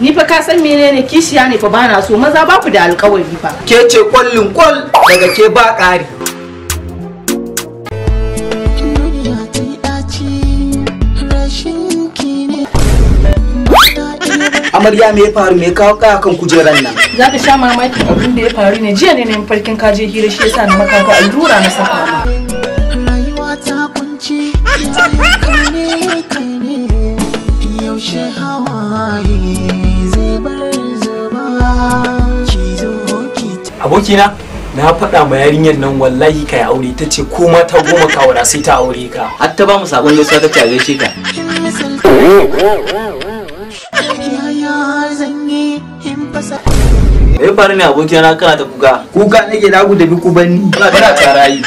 Ni fa ka san menene kishiya ne fa bana so maza ba ku da alƙawari fa. Ke ce kwallin kwal daga ke ba ƙari. Amarya me ya faru me kawo ka kan kujeran nan? Za ka sha mamaki abin da ya faru ne jiya ne ne farkin kaje hira shi yasa na maka allura na saka ma. Rayuwa abokina na faɗa ma yarinyar nan wallahi ka yi aure ta ce ko mata goma wara sai ta aure ka har ta ba mu sabon gaisuwa ta ce gaishe ka Me faru ne abokina na kana ta kuka kuka nake na gudu bi kubanni kana tarayi